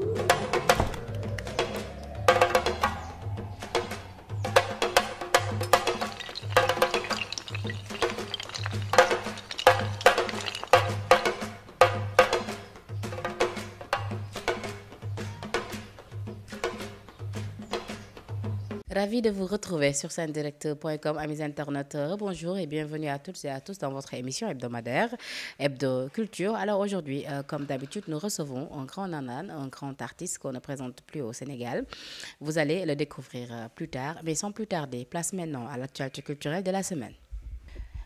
Thank you. Ravi de vous retrouver sur sendirect.com, amis internautes. Bonjour et bienvenue à toutes et à tous dans votre émission hebdomadaire Hebdo Culture. Alors aujourd'hui, euh, comme d'habitude, nous recevons un grand nanan, un grand artiste qu'on ne présente plus au Sénégal. Vous allez le découvrir euh, plus tard, mais sans plus tarder, place maintenant à l'actualité culturelle de la semaine.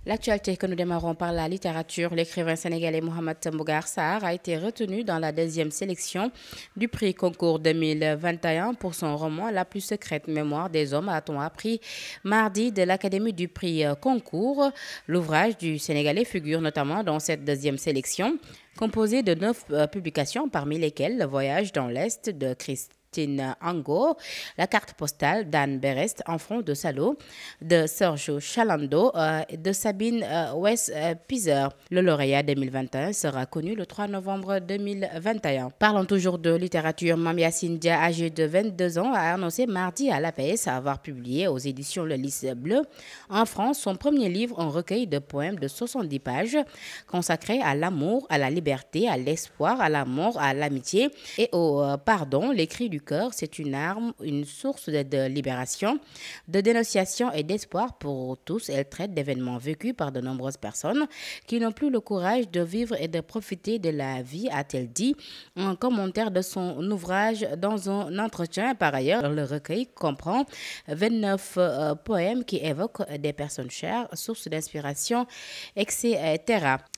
L'actualité que nous démarrons par la littérature, l'écrivain sénégalais Mohamed Tambougar Saar a été retenu dans la deuxième sélection du prix concours 2021 pour son roman La plus secrète mémoire des hommes, a-t-on appris mardi de l'Académie du prix euh, concours. L'ouvrage du sénégalais figure notamment dans cette deuxième sélection composée de neuf euh, publications, parmi lesquelles Le voyage dans l'Est de Christ Ango, la carte postale d'Anne Berest, en front de Salo, de Sergio Chalando euh, et de Sabine euh, wes West euh, Pizer. Le lauréat 2021 sera connu le 3 novembre 2021. Parlons toujours de littérature. Mamia Cindia, âgée de 22 ans, a annoncé mardi à la PS avoir publié aux éditions Le Lys Bleu en France son premier livre, en recueil de poèmes de 70 pages consacré à l'amour, à la liberté, à l'espoir, à la mort, à l'amitié et au pardon, l'écrit du c'est une arme, une source de, libération, de dénonciation et d'espoir pour tous. Elle traite d'événements vécus par de nombreuses personnes qui n'ont plus le courage de vivre et de profiter de la vie, a-t-elle dit. en commentaire de son ouvrage dans un entretien. Par ailleurs, le recueil comprend 29 euh, poèmes qui évoquent des personnes chères, sources d'inspiration, etc.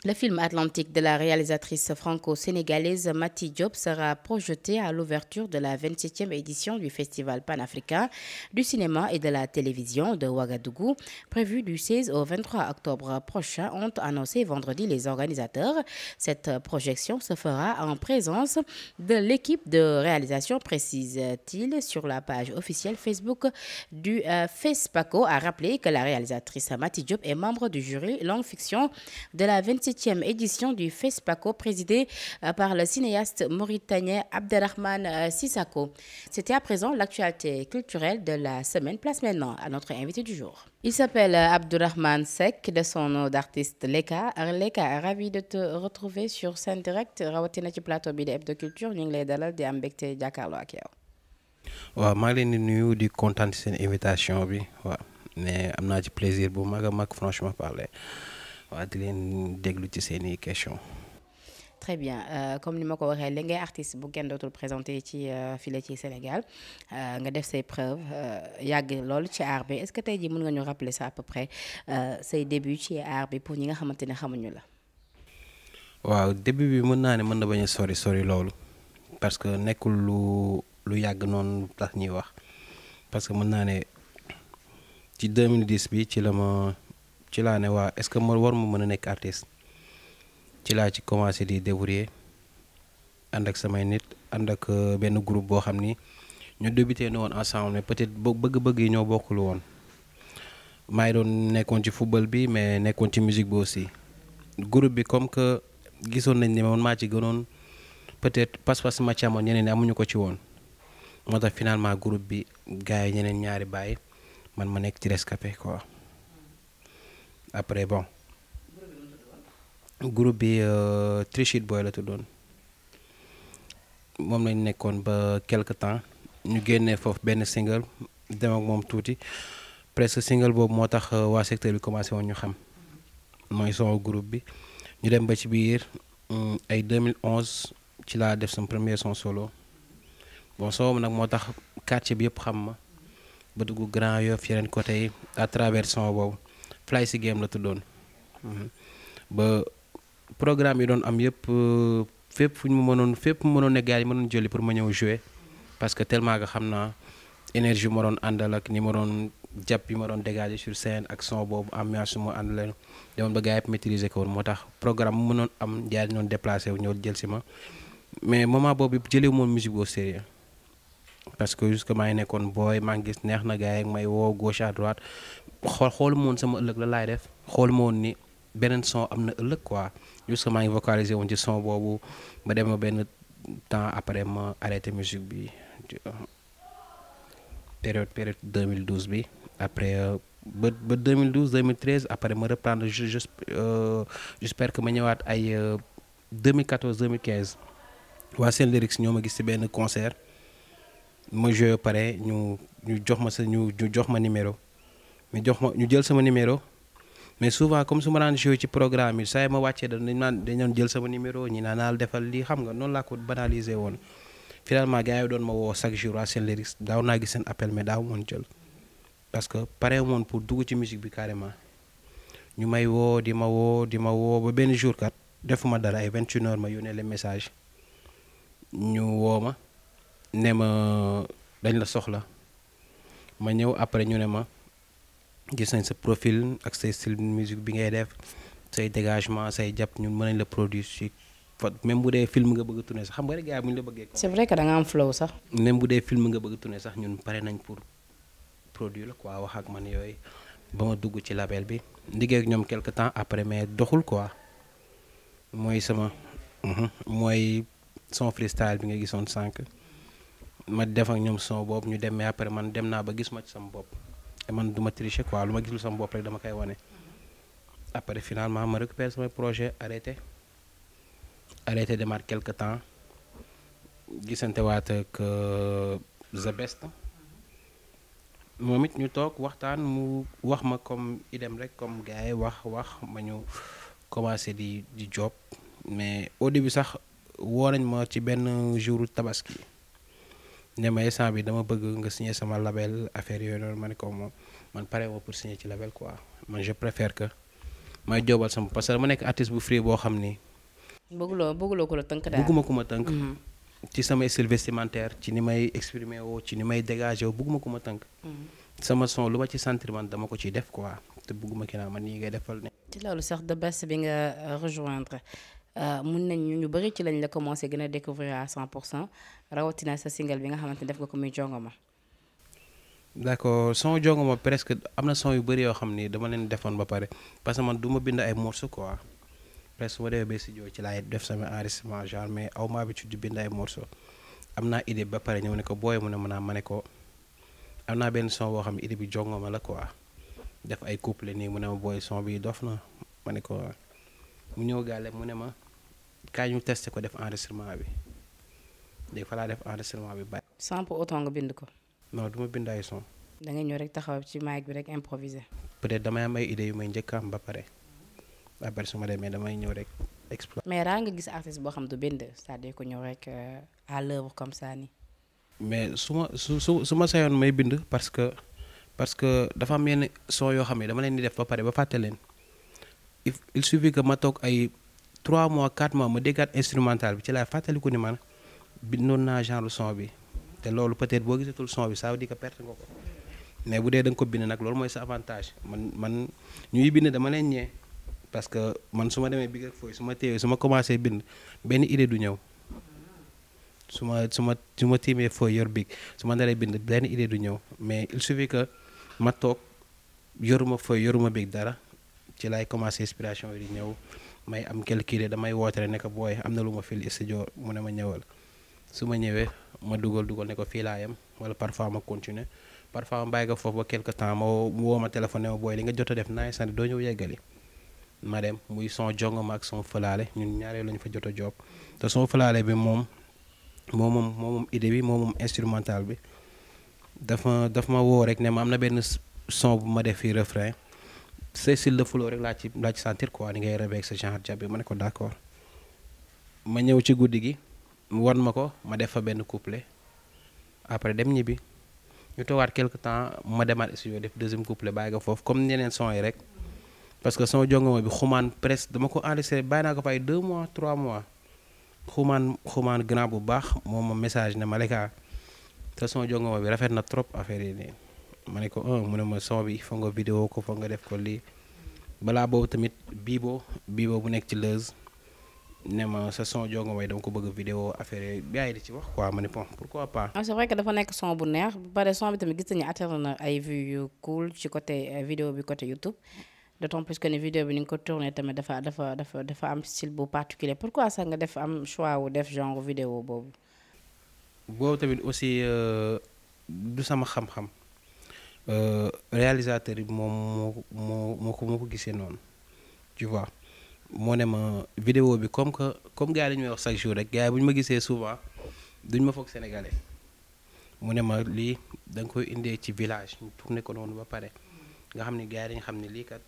Le film Atlantique de la réalisatrice franco-sénégalaise Mati Diop sera projeté à l'ouverture de la 20 27e édition du Festival panafricain du cinéma et de la télévision de Ouagadougou, prévu du 16 au 23 octobre prochain, ont annoncé vendredi les organisateurs. Cette projection se fera en présence de l'équipe de réalisation, précise-t-il sur la page officielle Facebook du euh, FESPACO, a rappelé que la réalisatrice Mati Diop est membre du jury langue fiction de la 27e édition du FESPACO, présidée euh, par le cinéaste mauritanien Abdelrahman euh, Sissako. C'était à présent l'actualité culturelle de la semaine. Place maintenant à notre invité du jour. Il s'appelle Abdurrahman Sek, de son nom d'artiste Leka. Leka, ravi de te retrouver sur scène direct. Rawatina ci plateau bi de de Culture ñu ngi lay dalal de am mbégte jàkkaarloo ak yow. waaw maa ngi leen di nuyu invitation bi mais am plaisir bu ma franchement parler Je di leen déglu ci questions très bien euh, comme ni ma ko waxee artiste bu kenn dootul présenté ci euh, file ci Sénégal euh, nga def say preuves Yag lolu ci art est-ce que tey jii mën nga ñu rappeler ça à peu près say début ci art pour ñi nga xamante ne xamuñu la. waaw début bi mën naa ne mën na bañ a sori sori loolu parce que nekkul lu lu yàgg noonu tax ñuy wax parce que mën naa ne ci 2010 bi ci la ci laa ne waa est-ce que ma war ma mën a nekk artiste ci laa ci commencé di débrouiller ànd ak samay nit ànd ak euh, benn groupe boo xam ñu débuté na ensemble mais peut-être bëgg-bëgg yi ñoo bokkul woon maa doon nekkoon ci football bi mais nekkoon ci musique bi aussi groupe bi comme que gisoon nañ ne man maa ci gënoon peut-être pas-pas ma ci amoon ñeneen ko ci woon moo finalement groupe bi gars ñeneen ñaari bàyyi man ma nekk ci après bon groupe bi euh, Three Boy la tuddoon mom lañ nekkoon ba quelque temps ñu génnee foofu ben single dem ak mom touti presque single bob motax euh, wa secteur bi commencé woon ñu xam moy son groupe bi ñu dem ba ci biir mm, ay 2011 ci la def son premier son solo bon so nak motax quartier bi yep xam ma ba dugg Grand Yoff yeneen côté yi à travers son boobu Fly si game la tuddoon mm-hmm. ba. programme yi doon am yëpp euh, fépp fu ñu mënoon fépp mu mënoon ne gars yi mënoon jëli pour ma ñëw jouer parce que tellement que xam naa énergie ma doon àndal ak ni ma doon jàpp bi ma doon dégager sur scène ak son boobu ambiance bi ma àndal demoon ba gars yëpp maîtriser ko woon moo tax programme mu mënoon am gars yi noonu déplacé wu ñëw jël si ma mais moment boobu jëlee moon musique au sérieux parce que jusque maa ngi nekkoon booy maa ngi gis neex na gars yi may woo gauche à droite xool xoolu sama ëllëg la laay def xoolu ma woon beneen son am na ëllëg quoi. jusque maa vocaliser vocalisé son bobo ba dem ben temps après ma arrêté musique bi période période 2012 bi après euh, ba 2012 2013 après me reprendre je euh, j'espère que ma ñëwaat ay 2014 2015 wa seen lyrics ñoo gis ci benn concert ma joué pare ñu ñu jox ma sa ñu jox ma numéro mais jox ma ñu jël sama numéro. mais souvent comme su ma daan joué ci programme yi saa yi ma wàccee dañu naan dañu jël sama numéro ñi naan naal defal lii xam nga noonu laa ko banaliser woon finalement gars yi doon ma woo chaque jour waa ah, seen lyrics daaw naa gis seen appel mais daaw moon jël parce que pare moon pour dugg ci musique bi carrément ñu may woo di ma woo di ma woo ba benn jour kat defuma dara ay 21 heures ma yónnee le message ñu woo ma ne ma dañ la soxla ma ñëw après ñu ne ma. gis nañ sa profil ak say style musique bi ngay def say dégagement say jàpp ñun mën nañ la produire si même bu dee film nga bëgg a tourner sax xam nga rek gars yi bu ñu la bëggee. c'est vrai que da nga am flow sax. même bu dee film nga bëgg a tourner sax ñun pare nañ pour produire la quoi wax ak man yooyu ba ma dugg ci label bi liggéey ak ñoom quelque temps après mais doxul quoi mooy sama mhm, mooy son freestyle bi nga gisoon sànq ma def ak ñoom son boobu ñu dem après man dem naa ba gis ma ci sama bopp et man du tricher quoi luma ma gisul sama bop rek dama kay woné après finalement ma récupère samay projet arrêté arrêté de demaat quelque temps gisante waat ak euh, The Best momit ñu tok waxtaan mu wax ma comme idem rek comme gars yi wax wax ma ñu commencer di di job mais au début sax woo nañ ma ci ben jour tabaski ne ma instant bi dama bëgg nga signer sama label affaire yooyu noonu ma ne ko moom man pare wa pour signer ci label quoi man je préfère que may joobal sama parce que dama nekk artiste bu free boo xam ni. bëgguloo bëgguloo ko la tënk daal bëgguma ku ma tënk. Mhm. ci sama style vestimentaire ci ni may exprimer woo ci ni may dégager woo bëgguma ku ma tënk. Mhm. sama son lu ma ci sentir man dama ko ci def quoi te bëgguma ki naa man nii ngay defal ne. ci loolu sax de best bi nga rejoindre euh, mun nañ ñu bëri ci lañ la commencé à découvrir à 100 rawatina sa single bi nga xamante ne def nga ko jongoma. son jongoma presque amna son yu bëri yo xamni dama leen defone ba pare parce que man duma bind ay morceaux quoi presque su ma demee ba studio ci laay def sama enregistrement genre mais aw ma habitude di bind ay morceaux amna idée ba pare ñëw ne ko booy mu ne mën a ko son bo xamni idée bi jongoma la quoi def ay couple ni mu ne son bi dof na mané ko. mu ñëw gaale mu ne ma kaay ñu testé ko def enregistrement bi léegi fa laa def enregistrement bi bàyyi. sans pour autant nga bind ko. non duma ma bind ay son. da ngay ñëw rek taxaw ci mic bi rek improviser. peut-être damay am ay yu may njëkk am ba pare après su ma demee damay ñëw rek exploiter. mais raa nga gis artiste boo xam du bind cest à ko ñëw rek euh, à l'œuvre comme ça nii. mais su ma su su su ma sayoon may bind parce que parce que dafa am yenn son yoo xam ne dama leen di def ba pare ba fàtte leen. il suffit ma toog ay 3 mois 4 mois ma déggaat instrumental bi ci laay fàttaliku ni man bindoon naa genre son bi te loolu peut-être boo gisatul son bi ça veut dire que perte nga ko mais bu dee da nga ko bind nag loolu mooy sa avantage man man ñuy bind dama leen ñee parce que man su ma demee Big Ak Foy su ma téewee su ma commencé bind benn idée du ñëw su ma su ma su ma tiimee Foy yor Big su ma naree bind benn idée du ñëw mais il suffit que ma toog yoruma Foy yoruma Big dara. ci laay commencé inspiration yi di ñëw may am quelques damay woote rek booy am na lu ma fil studio mu ne ma ñëwal su ma ñëwee ma dugal dugal ne ko fii laa yem wala parfois ma continuer parfois ma bàyyi ko foofu quelque temps ma woo ma téléphone ma booy li nga jot a def naay sant doo ñëw yeggali ma dem muy son jongo ma ak son fëlaale ñun ñaareel lañu fa jot a job te son fëlaale bi moom moom moom moom idée bi moom moom bi dafa dafa ma woo rek ne ma am na benn son bu ma def fii refrain. say style de flow rek laa ci laa ci sentir quoi ni ngay rabeeg sa genre jab bi ma ne ko d'accord ma ñëw ci guddi gi mu wan ma ko ma def fa benn couplet après dem ñibbi ñu toogaat quelque temps ma demaat studio def deuxième couplet bàyyi foofu comme ñeneen son yi rek parce que son jongoma bi xumaan presque dama ko enregistré bàyyi ko fay deux mois trois mois xumaan xumaan grand bu baax moom ma message ne Malika te son jongoma bi rafet na trop affaire yi nii ma ne ko ah mu ma son bi foog nga vidéo ko foog nga def ko li bala bobu tamit biibo biibo bu nek ci Leuz ne sa son joo nga way dama ko bëgg vidéo affaire bi ngi di ci wax quoi mané bon pourquoi pas. ah c'est vrai que dafa nek son bu neex ba pare son bi tamit gis nañu atteindre na ay vues yu cool ci côté euh, vidéo bi côté YouTube d'autant plus que ne vidéo bi ni ko tourner tamit dafa dafa dafa dafa am style bu particulier pourquoi sax nga def am choix ou def genre vidéo bobu boobu tamit aussi euh du sama xam-xam. Euh, réalisateur bi moom moo moo ko gisee noonu tu moo ne ma vidéo bi comme que comme gars yi dañu wax chaque jour rek gars yi bu ñu ma gisee souvent duñ ma foog sénégalais mu ne ma lii da koy indee ci village ñu tourné ko noonu ba pare nga xam ne gars yi dañ xam ne lii kat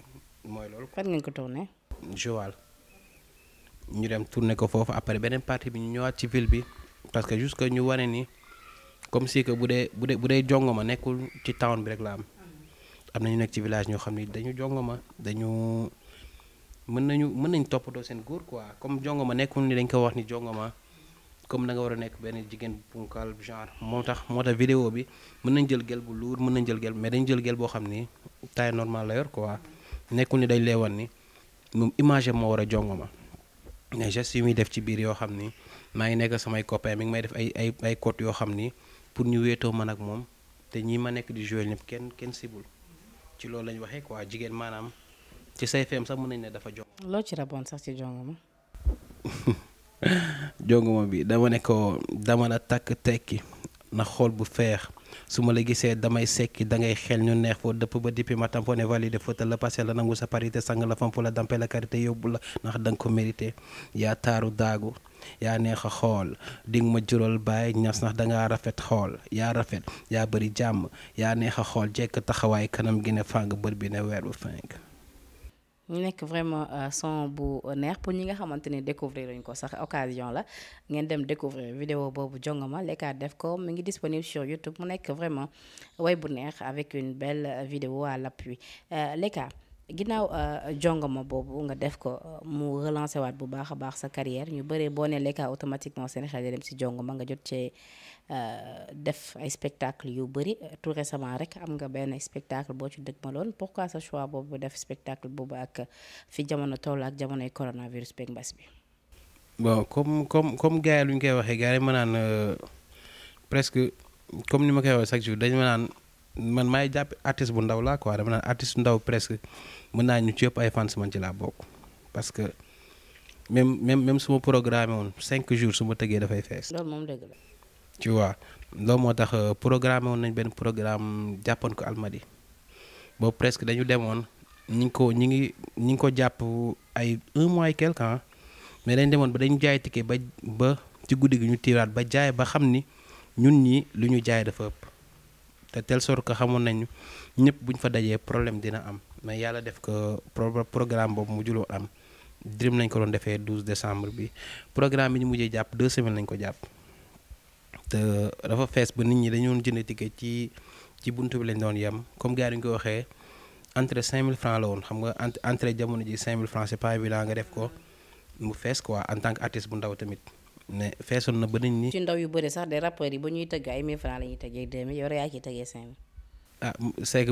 mooy loolu. fan ngeen ko tourné. Joal ñu dem tourné ko foofu après beneen partie bi ñu ñëwaat ci ville bi parce que jusque ñu ware ni. comme si que bu dee bu dee bu dee jongoma nekkul ci town bi rek la am am nañu nekk ci village ñoo xam ni dañu jongoma dañu mën nañu mën nañ toppatoo seen góor quoi comme jongoma nekkul ni dañ ko wax ni jongoma comme da nga war a nekk benn jigéen punkal genre moo tax moo tax bi mën nañ jël gel bu luur mën nañ jël gel mais dañ jël gel boo xam ni taille normal la yor quoi nekkul ni dañ leewan ni moom image moo war a jongoma mais gestes yi muy def ci biir yoo xam ni maa ngi nekk samay copain mi ngi may def ay ay ay côtes yoo xam ni pour nous weetoo man ak te sommes ma les jouer ñëpp kenn kenn sibul ci loolu lañ Les quoi jigéen maanaam ci say sax mën nañ ne dafa jong loo ci raboon sax ci jongoma bi dama na xool bu su ma la gisee damay sekki da ngay xel ñu neex foo dëpp ba dippi ma tamponné validé fóotal la passé la nangu sa parité sang la famp la dampe la karité yóbbu la ndax danga ko mérité yaa taaru daagu yaa neex a xool di nga ma jural bàyyi ñas ndax dangaa rafet xool yaa rafet yaa bëri jàmm yaa neex a xool jekk taxawaay kanam gi ne fàng bët bi ne weer bu fenk ñu nekk vraiment euh, son bu neex pour ñi nga xamante découvrir ñu ko sax occasion la ngeen dem découvrir vidéo bobu jongoma leka def ko mi ngi disponible sur YouTube mu nek vraiment way bu neex avec une belle euh, vidéo à l'appui euh, leka ginaaw jongoma bobu nga def ko mu relancer waat bu baaxa baax sa carrière ñu bëree boo ne Lecka automatiquement seen xel dem ci jongoma nga jot ci Euh, def ay spectacle yu bëri tout récemment rek am nga benn spectacle boo ci dëgmaloon pourquoi sa choix boobu def spectacle boobu ak fi jamono toll ak jamonoy coronavirus beeg bi. bon comme comme comme gars lu ñu koy waxee gars yi ma naan euh, comme ni ma koy waxee chaque jour dañ ma naan maay jàpp artiste bu ndaw laa quoi dama naan artiste ndaw presque mën naa ñu ci yëpp ay fans man ci laa bokk parce que même même même su ma programmé woon cinq jours su ma tëggee dafay fees. loolu moom dëgg la. tu vois loolu moo tax euh, programme woon nañ benn programme jàppoon ko almadi boobu presque dañu demoon ñi ngi ko ñi ngi ñi ngi ko jàpp ay un mois et quelque temps mais dañ demoon ba dañu jaay ticket ba ba ci guddi gi ñu tiiraat ba jaay ba xam ni ñun ñi lu ñu jaay dafa ëpp te tele sorte que xamoon nañu ñëpp bu ñu fa dajee problème dina am mais yàlla def ko programme boobu mu juloo am Dream nañ ko doon defee 12 décembre bi programme bi ñu mujjee jàpp deux semaines lañ ko jàpp te dafa fees ba nit ñi dañoon jënd ticket ci ci buntu bi lañ doon yem comme gars yi ñu ko waxee entrée mille francs la woon xam nga entrée jamono ji 5000 francs c'est pas évident nga def ko mu fees quoi en tant que artiste bu ndaw tamit mais feesoon na ba nit ñi. ci ndaw yu bëri sax de rappeurs yi ba ñuy tëgg ay 1000 francs la ñuy tëggee 2000 yow rek yaa ciy tëggee 5000. ah c'est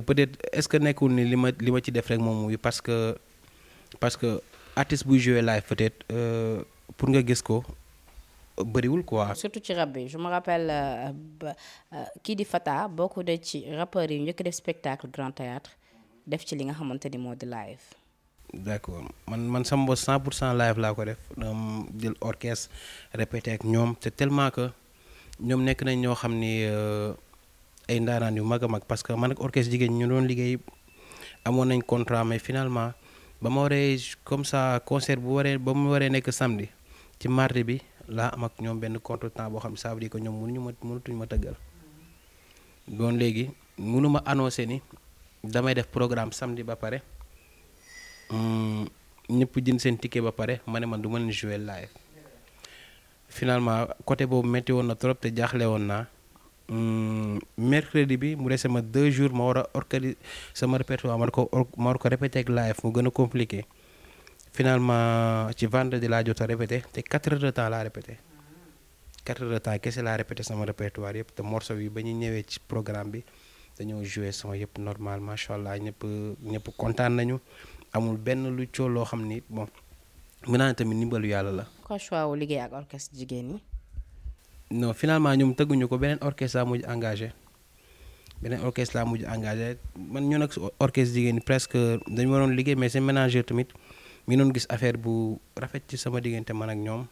est-ce que nekkul ni li ma li ma ci def rek moom muy parce que parce que artiste buy jouer live peut-être euh, pour nga gis ko bëriwul quoi. surtout ci rab bi je me rappelle euh, euh, ki di Fata beaucoup de ci rappeurs yi njëkk def spectacle grand théâtre def ci li nga xamante ni di live. D'accord. man man sama bopp 100 live la ko def jël orchestre répété ak ñom C'est tellement que ñom nek nañ ñoo xamni euh, ay ndaanaan yu mag mag parce que man ak orchestre jigéen ñu doon liggéey amoon nañ contrat mais finalement ba ma waree comme ça concert bu waree ba mu waree nekk samedi ci mardi bi. laa am ak ñoom benn contretemps boo xam ne ça ko dire que ñoom ñu ma mënatuñu ma tëggal doon léegi mënu ma annoncé ni damay def programme samdi ba pare hmm, ñëpp jënd seen ticket ba pare ma ne man du ma leen jouer live finalement côté boobu métti woon na trop te jaaxle woon naa hmm, mercredi bi mu dese sama deux jours ma war a organiser sama répertoire ma war ko ma war ko répété ak live mu gën a compliqué. finalement ci vendredi laa jot a répété te 4 heures de temps laa répété 4 heures de temps kese laa répété sama répertoire yëpp te morceau yi ba ñu ñëwee ci programme bi dañoo joué son yëpp normal macha allah ñëpp ñëpp kontaan nañu amul benn lu coow loo xam ni bon mën naa tamit ndimbalu yàlla la. ko o liggéey ak orchestre jigéen ñi. non finalement ñoom tëgguñu ko beneen orchestre laa mujj engagé beneen orchestre laa mujj engagé man ñoo nag orchestre jigéen ñi presque dañu waroon liggéey mais tamit. mi ngi gis affaire bu rafet ci sama diggante man ak ñoom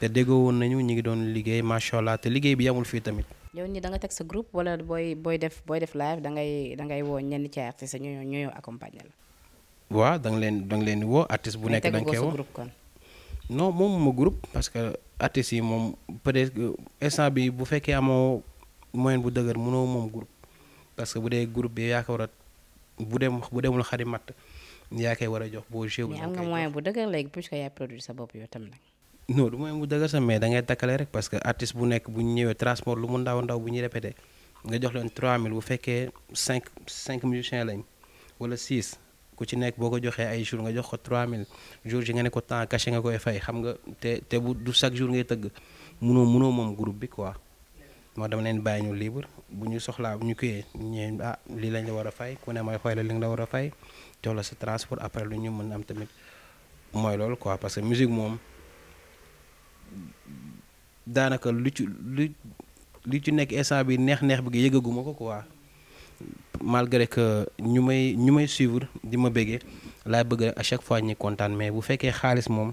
te déggoo woon nañu ñu ngi doon liggéey macha allah te liggéey bi yamul fii tamit. yow nii danga teg sa groupe wala booy booy def booy def live dangay da ngay woo ñenn ci artiste ñu ñu accompagner la. waaw da leen da leen di woo artiste bu nekk da nga koy kon non moom ma groupe parce que artistes yi moom peut-être instant bi bu fekkee amoo moyen bu dëgër mënoo moom groupe parce que bu dee groupe bi bu dem bu demul xari matt yaa koy war a jox boo jéem. mais bu dëgër léegi puisque yaay produire sa bopp yow tam nag. non du moyen bu dëgër sax mais dangay ngay takkale rek parce que artiste bu nekk bu ñu ñëwee transport lu mu ndaw ndaw bu ñu répété nga jox leen mille bu fekkee 5 5 musiciens lañ wala 6 ku ci nekk boo ko joxee ay jour nga jox ko mille jours yi nga ne ko temps caché nga koy fay xam nga te te bu du chaque jour ngay tëgg munoo munoo moom groupe bi quoi. moo dama leen bàyyi ñu libre bu ñu soxlaa bu ñu kiyee ñu ah lii la war a fay ku ne mooy xoolal li la war a fay. jox la sa transport après lu ñu mën am tamit mooy loolu quoi parce que musique moom daanaka lu ci lu lu ci nekk instant bi neex-neex bi gi yëgaguma ko quoi malgré que ñu may ñu may suivre di ma bëggee laa bëgg rek chaque fois ñi kontaan mais bu fekkee xaalis moom.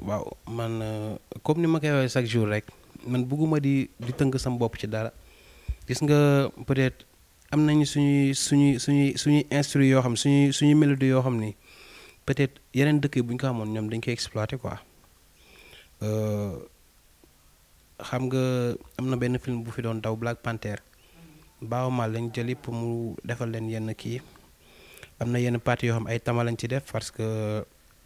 waaw man comme ni ma koy waxee chaque jour rek man bëgguma di di tënk sama bopp ci dara gis nga peut-être am nañu suñuy suñuy suñuy suñuy instru yoo xam suñuy suñuy mélodie yoo xam ni peut-être yeneen dëkk yi buñ ko amoon ñoom dañ koy exploiter ah. eh, quoi xam nga am na benn film bu fi doon daw Black Panther baaw ma lañ jëli pour mu defal leen yenn kii am na yenn ya parti yoo xam ay tama lañ ci def parce que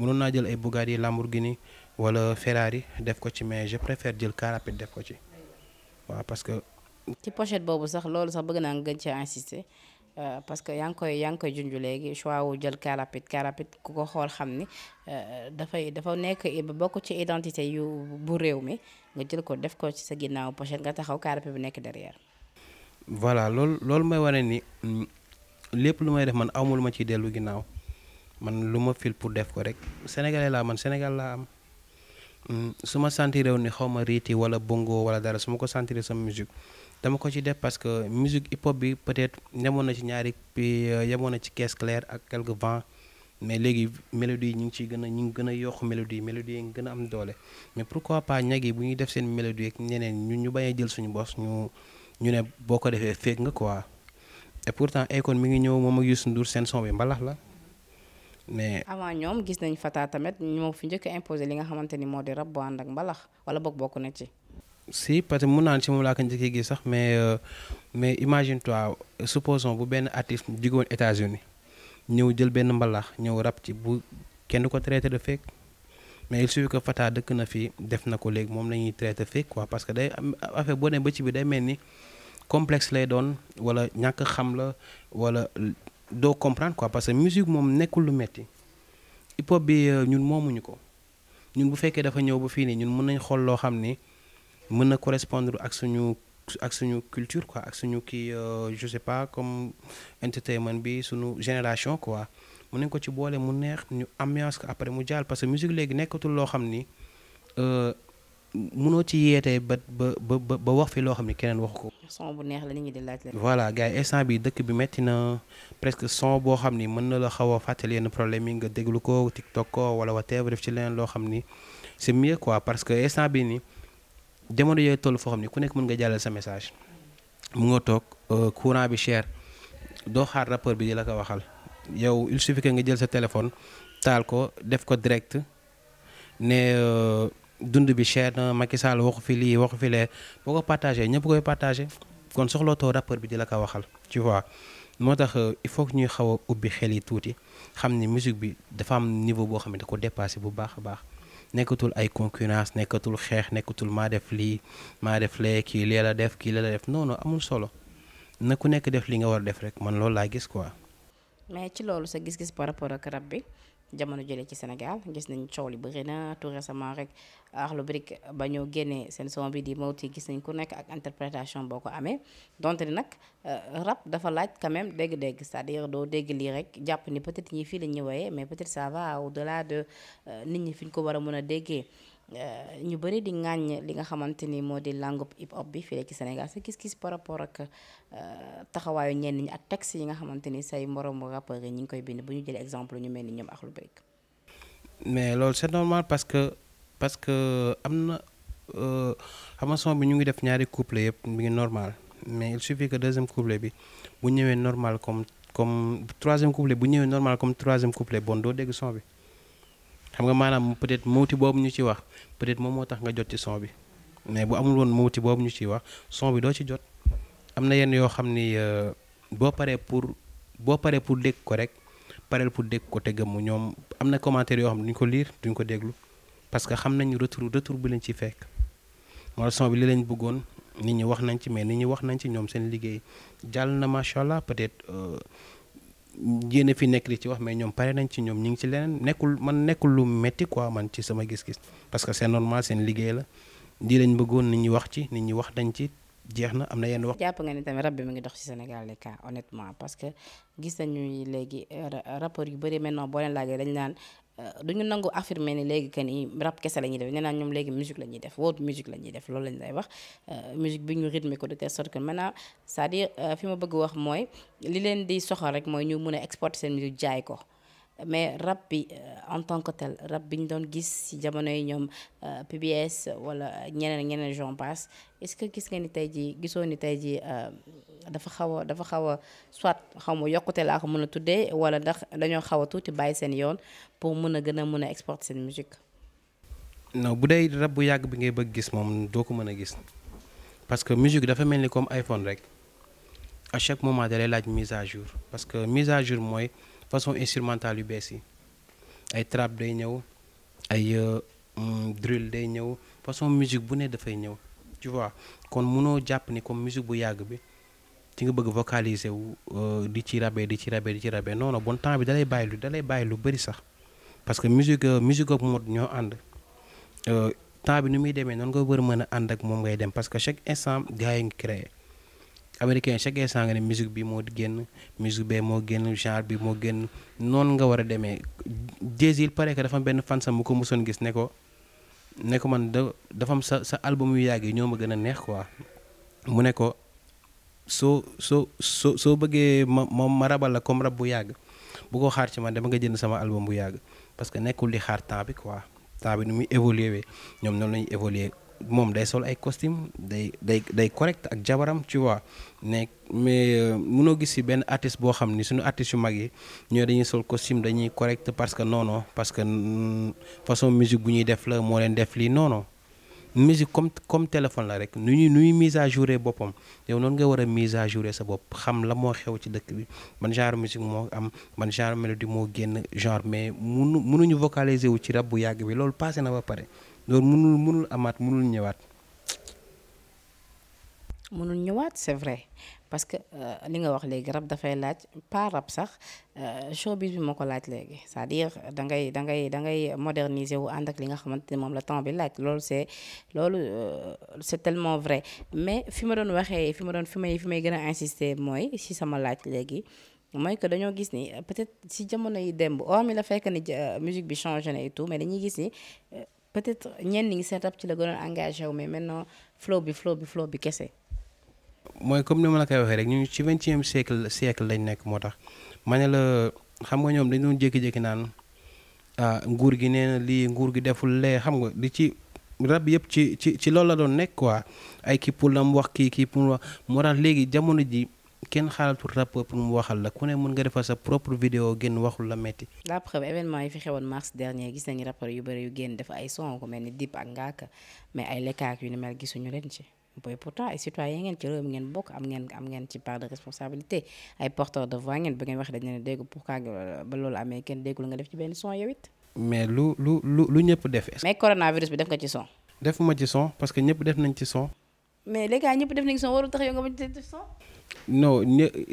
mënoon na jël ay Bugatti Lamborghini wala Ferrari def ko ci mais je préfère jël car rapide def ko ci waaw parce que. ci pochette bobu sax lolu sax bëgg na nga gën ci insister euh, parce que yang koy yang koy junj léegi choix wu jël car rapide car rapide ku ko xool xam ni euh, dafay dafa nekk bokk ci identité yu bu réew mi nga jël ko def ko ci sa ginnaw pochette nga taxaw car rapide bu nek derrière. voilà loolu loolu may wone ni mm, lepp lu may def man amul ma ci delu ginnaw man lu ma fil pour def ko rek sénégalais laa man sénégal laa am mm, su ma sentiréw ni xaw ma riiti wala bongo wala dara su ma ko sentiré sama musique dama ko ci def parce que musique hip hop bi peut-être yemoon na ci ñaari euh, yemoon na ci caisse claire ak quelque vent mais léegi mélodie yi ñu ngi ciy gën a ñu ngi gën a yokk mélodie yi mélodie nga ngi gën a am doole mais pourquoi pas ñag yi bu ñuy def seen mélodie ak ñeneen ñu ñu bañ jël suñu bos ñu ñu ne boo ko defee féeg nga quoi et pourtant Akon mi ngi ñëw moom ak Youssou Ndour seen son bi mbalax la mais avant ñom gis nañ Fata tamet ñoo fi jëk a imposé li nga xamante ni rab bu and ak mbalax wala bok bok na ci. si parce que mu naan ci moom la ko njëkkee gi sax mais euh, mais imagine toi supposons bu ben artiste jógoon États-Unis ñëw jël ben mbalax ñëw rap ci bu kenn ko traité de fake mais il suffit que Fata dëkk na fi def na ko léegi moom la ñuy traité fake quoi parce que day affaire bo nee ba ci bi day melni complexe lay doon wala ñak xam la wala do comprendre quoi parce que musique mom nekul lu metti hip hop bi euh, ñun ko ñun bu dafa ñëw bu fini. ñun mën nañ correspondre ak suñu culture quoi ak suñu euh, je sais pas comme entertainment bi suñu génération quoi mën nañ ko ci boole mu neex ambiance après mu parce que musique légui nekatul mënoo ci yeetee ba ba ba ba wax fi loo xam ne keneen waxu ko. son bu neex la ni ñi di laaj la. voilà gars yi instant bi dëkk bi métti na presque son boo xam ni mën na la xaw a fàttali yenn problème yi nga déglu ko TikTok ko wala whatever def ci leneen loo xam ni c'est mieux quoi parce que instant bi nii jamono yooyu toll foo xam ni ku nekk mën nga jàllal sa message. mu nga toog euh, courant bi cher doo xaar rappeur bi di la ko waxal yow il suffit nga jël sa téléphone taal ko def ko direct euh, dund bi cher na Macky Sall waxu fi li waxu fi le boko partager partagé koy partager kon soxlo to rapper bi di la ko waxal tu vois motax euh, il faut ñuy xaw ubbi xel yi tuuti xam musique bi dafa am niveau bo xam da ko dépasser bu baax baax nekkatul ay concurrence nekkatul xex nekkatul ma def li ma def le ki lee la def ki lee la def non non amul solo na ku nekk def li nga war def rek man loolu laa gis quoi. mais ci loolu sa gis-gis par rapport ak rap bi jamono jële ci Sénégal gis nañ li na tout récemment rek Arlo Brick ba son bi di Mawti gis ku interprétation euh, rap dafa laaj quand même cest c'est-à-dire dégg peut-être ñi la mais peut-être ça va au-delà de euh, ñi Euh, ñu bëri di ŋàññ li nga xamante ni moo di langub hip hop bi fii ci Sénégal sa gis-gis par rapport ak euh, taxawaayu ñenn ñi ak texte yi nga xamante ni say moromu rappeurs yi ñu ngi koy bind bu ñu jëlee exemple ñu mel ni ñoom Akhlou Brick mais loolu c'est normal parce que parce que am na euh, xam nga son bi ñu ngi def ñaari couple yëpp mi ngi normal mais il suffit que deuxième couplet bi bu ñëwee normal comme comme troisième couplet bu ñëwee normal comme troisième couplet bon doo dégg son bi. xam nga maanaam peut-être mawti boobu ñu ci wax peut-être moom moo tax nga jot ci son bi mais bu amul woon mawti boobu ñu ciy wax son bi doo ci jot am na yenn yoo xam ni euh, boo paree pour boo paree pour dégg ko rek pareel pour dégg ko te gëmmu ñoom am na commentaire yoo xam ne duñ ko liir duñ ko déglu parce que xam nañu retour retour bi lañ ci fekk mooy son bi li lañ bëggoon nit ñi wax nañ ci mais nit ñi wax nañ ci ñoom seen liggéey jàll na macha allah peut-être. Euh, yéen fi nekk li ci wax mais ñoom pare nañ ci ñoom ñu ngi ci leneen nekkul man nekkul lu métti quoi man ci sama gis-gis parce que c'est normal seen liggéey la di lañ bëggoon nit ñi wax ci nit ñi wax dañ ci jeex na am na yenn wax. jàpp nga ni tamit rab bi mu ngi dox ci Sénégal les cas honnêtement parce que gis nañu léegi euh, rapport yu bëri maintenant boo leen laajee dañ laan Euh, duñu nangu affirmer ni léegi que ni rap kese la ñuy def nee naa ñoom léegi musique la ñuy def wootu musique la ñuy def loolu lañ lay wax euh, musique bi ñu rythmé ko de telle sorte que maintenant cest euh, fi ma bëgg wax mooy li leen di soxal rek mooy ñu mun a exporter seen musique jaay ko mais rap euh, en tant que tel rap gis ci euh, PBS wala ñeneen ñeneen passe est-ce que gis nga ni tay ji dafa soit ko wala pour exporter musique. non bu bi ngay bëgg gis ko parce que musique dafa comme iPhone à chaque moment da a une mise à jour parce que mise à jour mooy façon instrumentale yu ay trap day ñew ay euh, mm, drill day façon musique bu de fay ñew tu vois kon mëno japp ni comme musique bu yag bi ci nga bëgg vocaliser wu euh, di ci rabé di non bon temps bi parce que musique euh, musique ak mode ñoo euh temps bi nu muy nga ak parce que chaque instant américain chaque instant nga ne musique bi moo génn musique bee moo génn genre bi moo génn noonu nga war a demee Jay-Z il paraît que dafa am benn fansam mu ko soon gis ne ko ne ko man da dafa am sa sa album yu yàgg yi ñoo ma gën a neex quoi mu ne ko soo soo soo soo bëggee ma ma ma rabal la comme rab bu yàgg bu ko xaar ci man dama nga jënd sama album bu yàgg parce que nekkul di xaar temps bi quoi temps bi nu muy évoluer ñoom noonu la ñuy évoluer mom day sol ay costume day day correct jabaram tu vois mais euh, si artiste artistes yu dañuy sol costume dañuy correct parce que non parce que mm, façon musique bu ñuy def la def non musique comme comme téléphone la rek nu mise à jour et yow à nga wara à jour sa xam la xew ci dëkk bi genre musique mo am genre mélodie genre mais vocaliser wu ci bu bi passé na ba donc mënul mënul amat mënul ñëwaat. mënul ñëwaat c'est vrai parce que euh, li nga wax je euh, showbiz bi je c'est-à-dire da ngay da moderniser wu ak li nga que c'est euh, c'est tellement vrai mais fi ma je waxee fi ma doon fi may fi may insister que dañoo gis peut-être si yi je or la fekk musique bi changé et tout mais gis peut-être ñenn ñi seen rab ci la gënoon engagé wu mais maintenant flow bi flow bi flow bi kese. mooy comme ni ma la koy waxee rek ñu ci vingtième siècle siècle lañ nekk moo tax ma ne la xam nga ñoom dañu doon jékki-jékki naan ah nguur gi nee na lii nguur gi deful lee xam nga di ci rab yëpp ci ci loolu la doon nekk quoi ay kii pour la mu wax kii kii pour wax moo tax léegi jamono ji kenn xaalatul rappeur pour mu waxal la ku ne mën nga defal sa propre vidéo génn waxul la metti la preuve événement yi fi xewoon mars dernier gis nañu rappeur yu bëri yu génn def ay son ko mel ni Dip ak Ngaaka mais ay lekkaak yu ni mel gisuñu leen ci boy pourtant ay citoyen ngeen ci réew mi ngeen bokk am ngeen am ngeen ci part de responsabilité ay porteur de voix ngeen ba ngeen wax dañ leen dégg pourquoi ba loolu amee kenn déggul nga def ci benn son yow it mais lu lu lu lu ñëpp def mais coronavirus bi def nga ci son defuma ci son parce que ñëpp def nañ ci son mais les gars ñëpp def nañ ci son warul tax yow nga ma ci def son non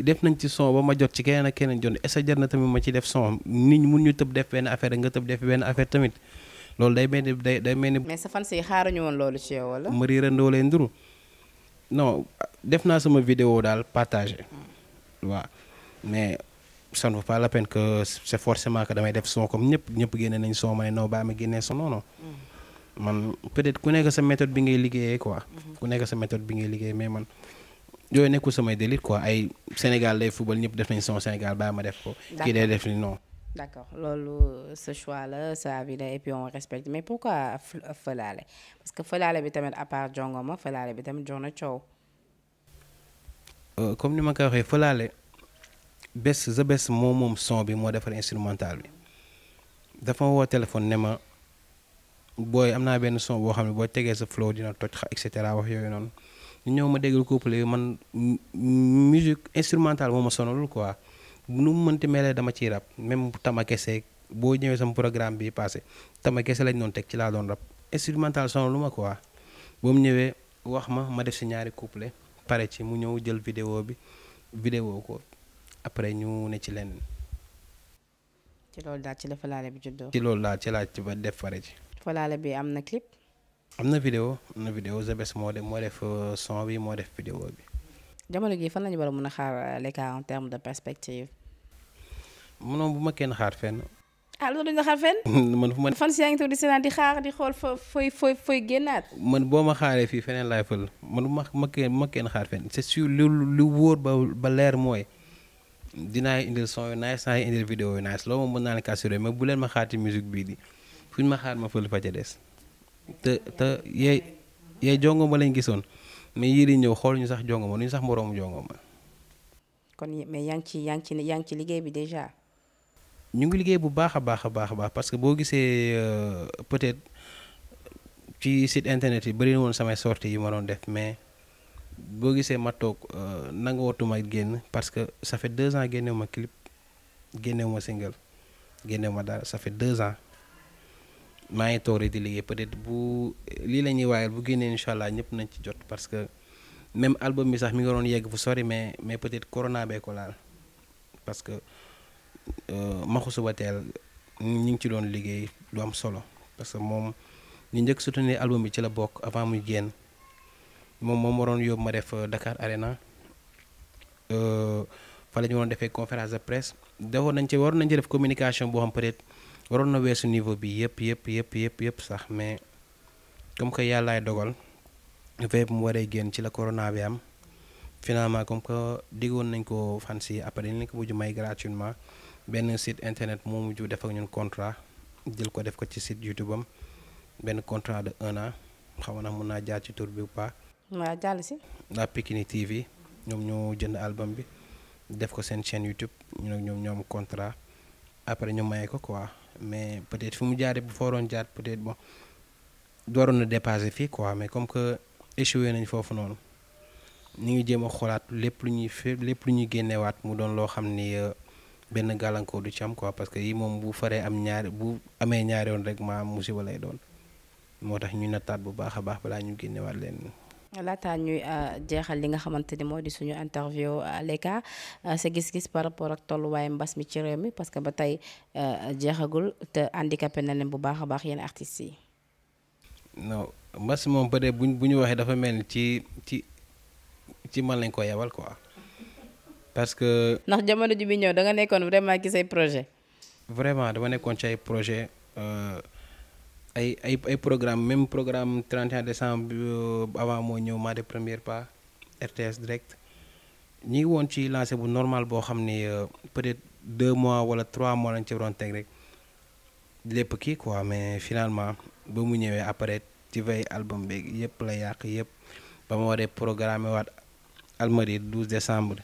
def nañ ci son ba ma jot ci keneen ak keneen na tamit ma ci def son nit ñi mun ñu tëb def benn loolu day mel ni day day mais sa fans yi xaaruñu woon loolu ci yow wala. ma def naa sama vidéo daal partagé hmm. waa mais san ne vaut pas la peine que c'est forcément que damay def son comme ñëpp ñëpp génne nañ son ma ne non baa ma génnee son hmm. man peut ku nekk sa méthode bi ngay liggéeyee quoi. Hmm. ku nekk sa méthode bi ngay liggéey mais man. yooyu nekku samay délit quoi ay Sénégal lay football ñep def nañ son Sénégal bàyyi ma def ko. ki day def non. D'accord. lolu ce choix là, ça avis et puis on respecte mais pourquoi fëlaale parce que fëlaale bi tamit à part jongoma fëlaale bi tamit jox na coow. Euh, comme ni ma ko waxee fëlaale bés the best mom moom son bi mo defar instrumental bi dafa wo téléphone ne Boy, amna ben son bo xam bo tégué sa flow dina toj etc. et wax ñëw ma déglu couple man musique instrumentale moo ma sonalul quoi nu mu mënti melee dama ciy rab même tama kese boo ñëwee sama programme bi passé tama kese lañ doon teg ci laa doon rab instrumental lu ma quoi ba mu ñëwee wax ma ma def si ñaari couple pare ci mu ñëw jël vidéo bi vidéo ko après ñu ne ci lenn. ci loolu daal ci la falaale bi juddoo. ci loolu daal ci laa ci ba def pare ci. falaale bi am na clip. amna vidéo am na vidéo zebes moo def moo def euh, son bi moo def vidéo bi. jamono gi fan la ñu war a mën a xaar euh, Lecka en terme de perspective. munoon bu ma kenn xaar fenn. ah loolu duñ xaar fenn. man fu ma. fan si yaa ngi toog di seetaan di xaar di xool fa fooy fooy fooy génnaat. man boo ma xaaree fii feneen laay fël man bu ma ma kenn ma kenn xaar fenn c'est sûr lu lu wóor ba ba leer mooy dinaa indil son yu nice naa indil vidéo yu nice loolu moom mën naa leen kàssuré mais bu leen ma xaati musique bii di fuñ ma xaar ma fël fa ca des. te te yee yee jongoma lañ gisoon mais yii di ñëw xool ñu sax jongoma nu ñu sax moroomu jongoma kon mais yaa ci yaa ngi ci ci liggéey bi déjà. ñu ngi liggéey bu baax a baax a baax a baax parce que boo gisee euh, peut-être ci site internet yi bëri woon samay sorties yi ma doon def mais boo gisee ma toog euh, nangootuma génn parce que ça fait deux ans génnewu ma clip génnewu ma single génnew ma daal ça fait deux ans. maa ngi toog rek di liggéey peut-être bu lii la ñuy waayal bu génnee incha allah ñëpp nañ ci jot parce que même album bi sax mi nga doon yegg fu sori mais mais peut-être corona bee ko laal parce que euh, maxu suba ñu ngi ci doon liggéey lu am solo parce que moom ñu njëkk soutenir album bi ci la bokk avant muy génn moom moom waroon yóbbu ma def euh, Dakar Arena euh, fa la ñu waroon defee conférence de presse defoon nañ ci waroon nañ ci def communication boo xam peut-être. waroon na weesu niveau bi yëpp yëpp yëpp yëpp yëpp sax mais comme que yàllaay dogal veille bu mu waree génn ci la corona bi am finalement comme que diggoon nañ ko fan si après dañ ko mujj may gratuitement benn site internet moo mujj def ak ñun contrat jël ko def ko ci site YouTube am benn contrat de un an xaw na mun naa jaar ci tour bi pa pas. waaw jàll si. la Pikini TV ñoom ñoo jënd album bi def ko seen chaîne YouTube ñun ak ñoom ñoom contrat après ñu maye ko quoi. mais peut-être fi mu jaaree bu fooroon jaar peut-être bon dooroon na dépassé fii quoi mais comme que échoué nañ foofu noonu ñu ngi jéem a xoolaat lépp lu ñuy fi lépp lu ñuy génneewaat mu doon loo xam ni euh, benn gàllankoor du ci am parce que yi moom bu faree am ñaari bu amee ñaari yoon rek maam mu musiba lay doon moo tax ñu nattaat bu baax a baax balaa ñu génnewaat leen. laataa ñuy euh, jeexal li nga xamanteni ni di suñu interview euh, leka euh, sa gis-gis par rapport ak tolluwaayu mbass mi ci réew mi parce que ba tey jeexagul te handicapé na len bu baax a baax yéen artistes yi. non mbass mom peut être bu ñu waxee dafa melni ci ci ci man lañ ko yewal quoi parce que. ndax jamono ji bi ñew da nga nekkon vraiment ci say projet vraiment dama nekkon ci ay projet euh ay ay ay programme même programme 31 décembre euh, avant moo ñëw maa de premier pas RTS direct ñi ngi woon ci lancé bu normal boo xam ni euh, peut-être deux mois wala trois mois lañ ci waroon teg rek lépp kii quoi mais finalement ba mu ñëwee après ci veille album beeg yëpp la yàq yëpp ba ma waree programme waat Almadies 12 décembre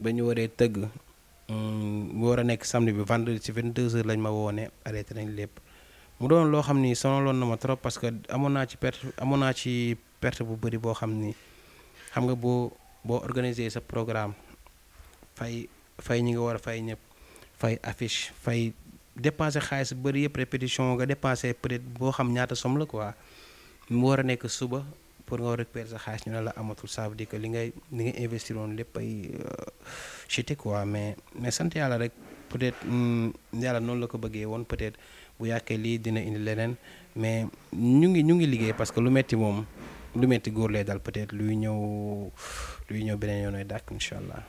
ba ñu waree tëgg mm, mu war a nekk samedi bi vendredi ci 22 heures lañ ma woone arrêté nañ lépp mu doon loo xam ni loon na ma trop parce que amoon naa ci perte amoon ci perte bu bëri boo xam ni xam nga boo boo organiser sa programme fay fay ñi nga war a fay ñëpp fay affiche fay dépenser xaalis bëri yëpp répétition nga dépenser peut-être boo xam ñaata somme la quoi mu war a nekk suba pour nga récupérer sa xaalis ñu ne la amatul ça veut dire li ngay li nga investir woon lépp ay euh, chuté quoi mais mais sant yàlla rek peut-être hmm, yàlla noonu la ko bëggee woon peut-être. bu yàkkee lii dina indi leneen mais ñu ngi ñu ngi liggéey parce que lu metti moom lu metti góor lay dal peut-être luy ñëw luy ñëw beneen yoon dàq incha allah.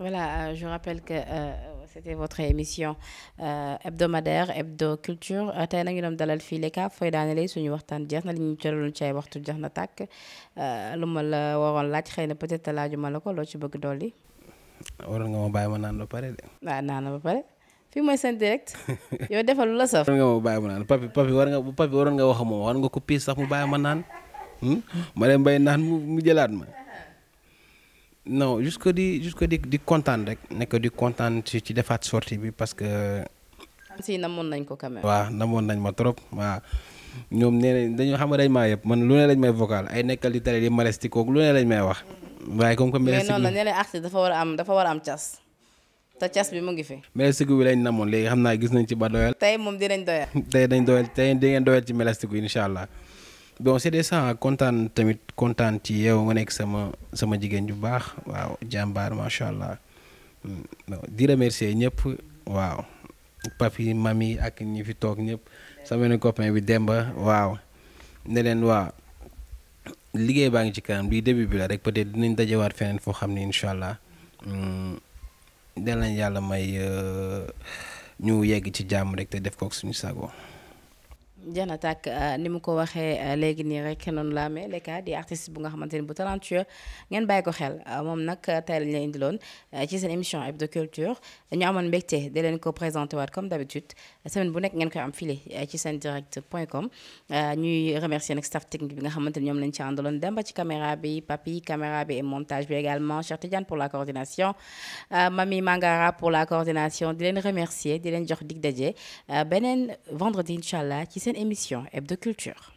Voilà, euh, je rappelle que euh, c'était votre émission euh, hebdomadaire Hebdo Culture euh, Tay nañu doon dalal fii Leka fay daanelee suñu waxtaan jeex na li ñu cëraloon ci ay waxtu jeex na tàkk euh, lu ma la waroon laaj xëy peut-être laaju ma la ko loo ci bëgg doli. waroon nga ma bay ma naan lo paré de. Na naan ba paré. fi mooy sen direct yow defal lu la saf. nga ma bàyyi ma naan papi papi war nga papi waron nga wax moom war nga ko piis sax mu bàyyi ma naan hmm? ma dem bay naan mu jëlaat ma non jusque di jusque di di contane rek nekk di contane ci ci defat sortie bi parce que. am si namoon nañ ko quand même. waaw namoon nañ ma trop wa ñom nee dañu xam ne ma yeb man lu ne lañ may vocal ay nekkal di télé di malestiko lu ne lañ may wax. Mm. waye comme comme mais non la ne lay artiste dafa wara am dafa wara am tias te cas bi mu ngi fi. melastiku bi lañ namoon léegi xam naa gis nañ ci ba doyal. tey moom dinañ doyal. tey dañ doyal tey di ngeen doyal ci melastiku incha allah bon c'est des gens kontaan tamit kontaan ci yow nga nekk sama sama jigéen ju baax waaw jàmbaar macha allah hmm, di remercier ñëpp waaw papi mami ak ñi fi toog ñëpp sama benn copain bi Demba waaw ne leen waa liggéey baa ngi ci kanam lii début bi la rek peut-être dinañ dajewaat feneen foo xam ne incha allah. Hmm, dal nañ yàlla may euh, ñu yegg ci jàmm rek te def kook suñu sago Diana Tall euh, ni mu ko waxee euh, léegi nii rek noonu la amee Lecka di artiste bu nga xamante ni bu talentueux ngeen bàyyi ko xel euh, moom nag lañ ci émission Hebdo Culture ñu amoon mbégte di leen ko waat comme d'habitude semaine bu nekk ngeen koy am filé ci direct point com ñuy remercier nag staff technique bi nga xamante ni lañ ci àndaloon ci caméra bi Papi caméra bi et montage bi également Cheikh pour la coordination Mami Mangara pour la coordination di leen remercier di leen jox dig vendredi Challah. allah ci émission Hebdo Culture